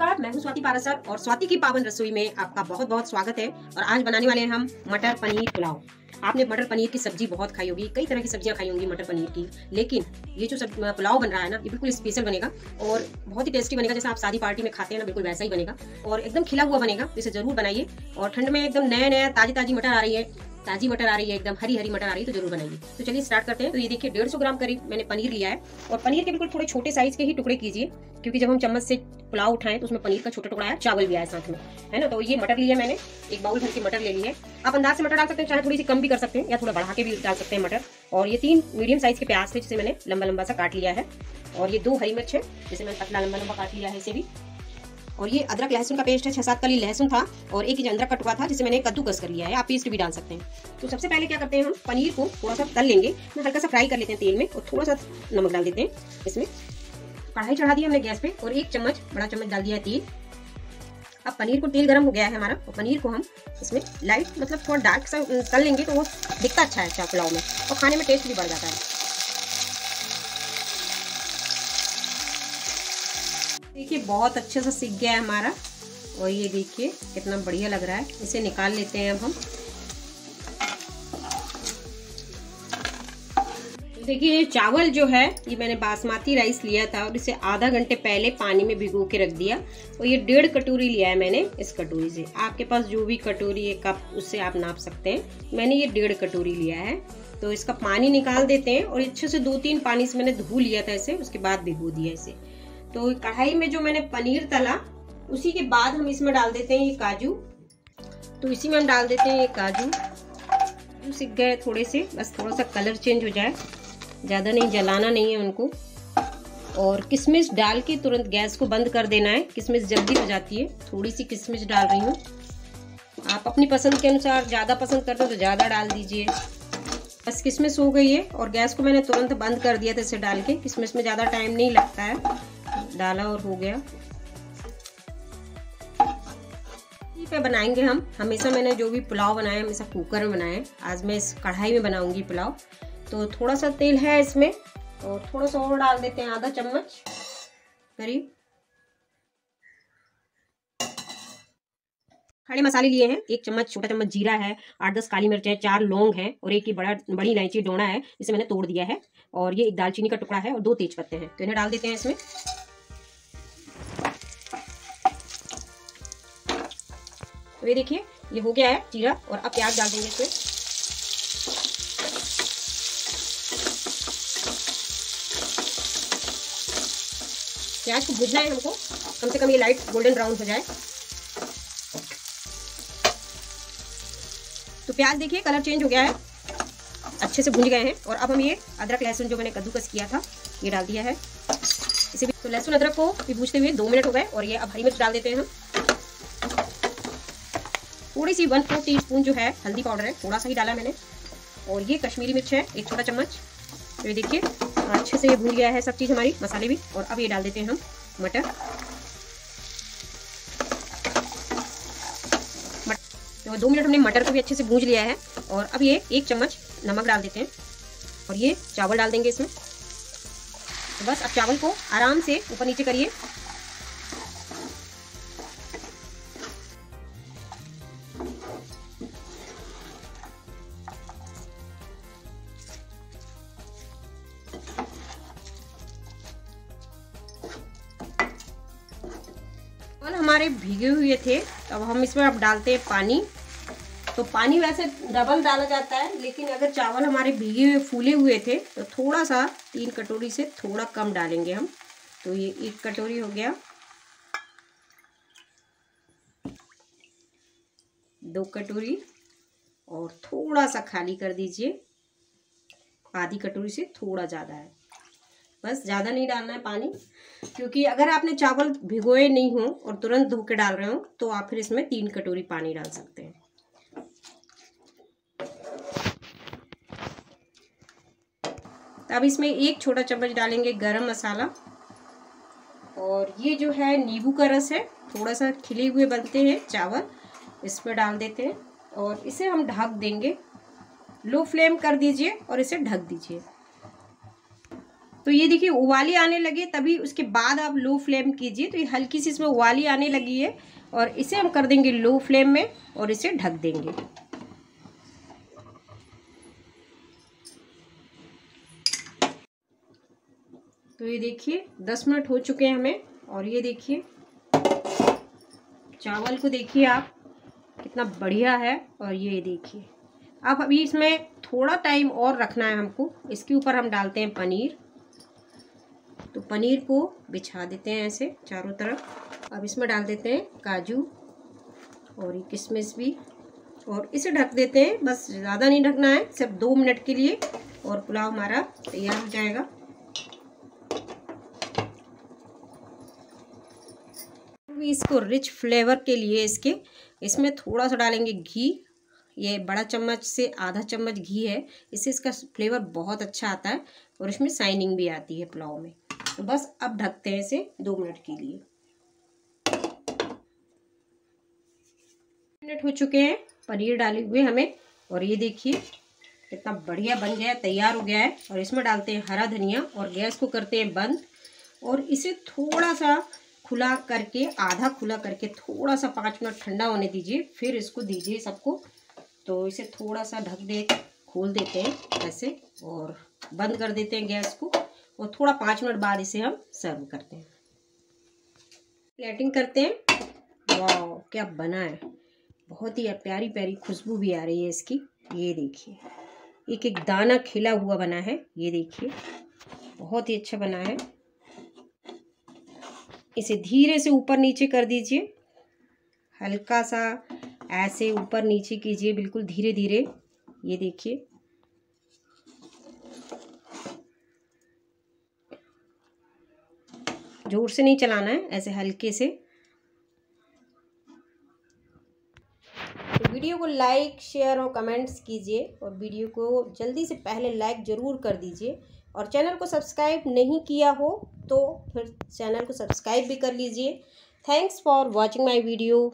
नमस्कार मैं हूँ स्वाति पारासर और स्वाति की पावन रसोई में आपका बहुत बहुत स्वागत है और आज बनाने वाले हैं हम मटर पनीर पुलाव आपने मटर पनीर की सब्जी बहुत खाई होगी कई तरह की सब्जियां खाई होंगी मटर पनीर की लेकिन ये जो सब पुलाव बन रहा है ना ये बिल्कुल स्पेशल बनेगा और बहुत ही टेस्टी बनेगा जैसे आप शादी पार्टी में खाते हैं ना बिल्कुल वैसा ही बनेगा और एकदम खिला हुआ बनेगा तो इसे जरूर बनाइए और ठंड में एकदम नए नया ताजी ताजी मटर आ रही है ताजी मटर आ रही है एकदम हरी हरी मटर आ रही है तो जरूर बनाइए तो चलिए स्टार्ट करते हैं तो ये देखिए डेढ़ सौ ग्राम करीब मैंने पनीर लिया है और पनीर के बिल्कुल थोड़े छोटे साइज के ही टुकड़े कीजिए क्योंकि जब हम चम्मच से पुलाव उठाएं तो उसमें पनीर का छोटा टुकड़ा है चावल भी आया साथ में है ना तो ये मटर लिया मैंने एक बाउल भर के मटर ले लिया आप अंदाज से मटर डाल सकते हैं चाहे थोड़ी सी कम भी कर सकते हैं या थोड़ा बढ़ा के भी डाल सकते हैं मटर और ये तीन मीडियम साइज के प्याज थे जिसे मैंने लंबा लंबा सा काट लिया है और ये दो हरी मिर्च है जिसे मैंने पतला लंबा लंबा काट लिया है इसे भी और ये अदरक लहसुन का पेस्ट है छह सात कली लहसुन था और एक अंदरक कटुआ था जिसे मैंने कद्दूकस कर लिया है आप पेस्ट भी डाल सकते हैं तो सबसे पहले क्या करते हैं हम पनीर को थोड़ा सा तल लेंगे मैं हल्का सा फ्राई कर लेते हैं तेल में और थोड़ा सा नमक डाल देते हैं इसमें कढ़ाई चढ़ा दी हमने गैस पे और एक चम्मच बड़ा चम्मच डाल दिया है तेल अब पनीर को तेल गर्म हो गया है हमारा और पनीर को हम इसमें लाइट मतलब थोड़ा डार्क सा तल लेंगे तो वो दिखता अच्छा है अच्छा पुलाव में और खाने में टेस्ट भी बढ़ जाता है देखिए बहुत अच्छे से सीख गया है हमारा और ये देखिए कितना बढ़िया लग रहा है इसे निकाल लेते हैं अब हम देखिए ये चावल जो है ये मैंने बासमती राइस लिया था और इसे आधा घंटे पहले पानी में भिगो के रख दिया और ये डेढ़ कटोरी लिया है मैंने इस कटोरी से आपके पास जो भी कटोरी है कप उससे आप नाप सकते हैं मैंने ये डेढ़ कटोरी लिया है तो इसका पानी निकाल देते हैं और अच्छे से दो तीन पानी से मैंने धो लिया था इसे उसके बाद भिगो दिया इसे तो कढ़ाई में जो मैंने पनीर तला उसी के बाद हम इसमें डाल देते हैं ये काजू तो इसी में हम डाल देते हैं ये काजू सीख गए थोड़े से बस थोड़ा सा कलर चेंज हो जाए ज़्यादा नहीं जलाना नहीं है उनको और किशमिश डाल के तुरंत गैस को बंद कर देना है किशमिश जल्दी हो जाती है थोड़ी सी किशमिश डाल रही हूँ आप अपनी पसंद के अनुसार ज़्यादा पसंद करते हो तो ज़्यादा डाल दीजिए बस किशमिश हो गई है और गैस को मैंने तुरंत बंद कर दिया था इसे डाल के किशमिश में ज़्यादा टाइम नहीं लगता है डाला और हो गया पे बनाएंगे हम हमेशा मैंने जो भी पुलाव बनाया हमेशा कुकर में बनाया आज मैं इस कढ़ाई में बनाऊंगी पुलाव तो थोड़ा सा तेल है इसमें और थोड़ा सा और डाल देते हैं आधा चम्मच करीब खड़े मसाले लिए हैं एक चम्मच छोटा चम्मच जीरा है आठ दस काली मिर्च है चार लौंग है और एक ही बड़ा बड़ी इलायची डोना है जिसे मैंने तोड़ दिया है और ये एक दालचीनी का टुकड़ा है और दो तेज पत्ते हैं तो इन्हें डाल देते हैं इसमें तो ये देखिए ये हो गया है जीरा और अब प्याज डाल देंगे इसमें प्याज को भुजना है हमको कम से कम ये लाइट गोल्डन ब्राउन हो जाए तो प्याज देखिए कलर चेंज हो गया है अच्छे से भुज गए हैं और अब हम ये अदरक लहसुन जो मैंने कद्दूकस किया था ये डाल दिया है इसे भी तो लहसुन अदरक को भी भूजते हुए दो मिनट हो गए और ये अब हरी मिर्च डाल देते हैं हम थोड़ी सी वन फोर्थ टी स्पून जो है हल्दी पाउडर है थोड़ा सा ही डाला मैंने और ये कश्मीरी मिर्च है एक छोटा चम्मच तो ये देखिए अच्छे से ये भून गया है सब चीज़ हमारी मसाले भी और अब ये डाल देते हैं हम मटर तो दो मिनट हमने मटर को भी अच्छे से भूज लिया है और अब ये एक चम्मच नमक डाल देते हैं और ये चावल डाल देंगे इसमें तो बस अब चावल को आराम से ऊपर नीचे करिए हमारे भीगे हुए थे अब हम इसमें अब डालते हैं पानी तो पानी वैसे डबल डाला जाता है लेकिन अगर चावल हमारे भीगे हुए फूले हुए थे तो थोड़ा सा तीन कटोरी से थोड़ा कम डालेंगे हम तो ये एक कटोरी हो गया दो कटोरी और थोड़ा सा खाली कर दीजिए आधी कटोरी से थोड़ा ज़्यादा है बस ज़्यादा नहीं डालना है पानी क्योंकि अगर आपने चावल भिगोए नहीं हो और तुरंत धो के डाल रहे हो तो आप फिर इसमें तीन कटोरी पानी डाल सकते हैं तो अब इसमें एक छोटा चम्मच डालेंगे गरम मसाला और ये जो है नींबू का रस है थोड़ा सा खिले हुए बनते हैं चावल इस पर डाल देते हैं और इसे हम ढक देंगे लो फ्लेम कर दीजिए और इसे ढक दीजिए तो ये देखिए उबाली आने लगे तभी उसके बाद आप लो फ्लेम कीजिए तो ये हल्की सी इसमें उबाली आने लगी है और इसे हम कर देंगे लो फ्लेम में और इसे ढक देंगे तो ये देखिए दस मिनट हो चुके हैं हमें और ये देखिए चावल को देखिए आप कितना बढ़िया है और ये देखिए अब अभी इसमें थोड़ा टाइम और रखना है हमको इसके ऊपर हम डालते हैं पनीर पनीर को बिछा देते हैं ऐसे चारों तरफ अब इसमें डाल देते हैं काजू और ये किशमिश भी और इसे ढक देते हैं बस ज़्यादा नहीं ढकना है सिर्फ दो मिनट के लिए और पुलाव हमारा तैयार हो जाएगा इसको रिच फ्लेवर के लिए इसके इसमें थोड़ा सा डालेंगे घी ये बड़ा चम्मच से आधा चम्मच घी है इससे इसका फ्लेवर बहुत अच्छा आता है और इसमें साइनिंग भी आती है पुलाव में तो बस अब ढकते हैं इसे दो मिनट के लिए मिनट हो चुके हैं पनीर डाले हुए हमें और ये देखिए कितना बढ़िया बन गया तैयार हो गया है और इसमें डालते हैं हरा धनिया और गैस को करते हैं बंद और इसे थोड़ा सा खुला करके आधा खुला करके थोड़ा सा पाँच मिनट ठंडा होने दीजिए फिर इसको दीजिए सबको तो इसे थोड़ा सा ढक दे खोल देते हैं ऐसे और बंद कर देते हैं गैस को और थोड़ा पाँच मिनट बाद इसे हम सर्व करते हैं प्लेटिंग करते हैं वाह क्या बना है बहुत ही प्यारी प्यारी खुशबू भी आ रही है इसकी ये देखिए एक एक दाना खिला हुआ बना है ये देखिए बहुत ही अच्छा बना है इसे धीरे से ऊपर नीचे कर दीजिए हल्का सा ऐसे ऊपर नीचे कीजिए बिल्कुल धीरे धीरे ये देखिए जोर से नहीं चलाना है ऐसे हल्के से तो वीडियो को लाइक शेयर और कमेंट्स कीजिए और वीडियो को जल्दी से पहले लाइक ज़रूर कर दीजिए और चैनल को सब्सक्राइब नहीं किया हो तो फिर चैनल को सब्सक्राइब भी कर लीजिए thanks for watching my video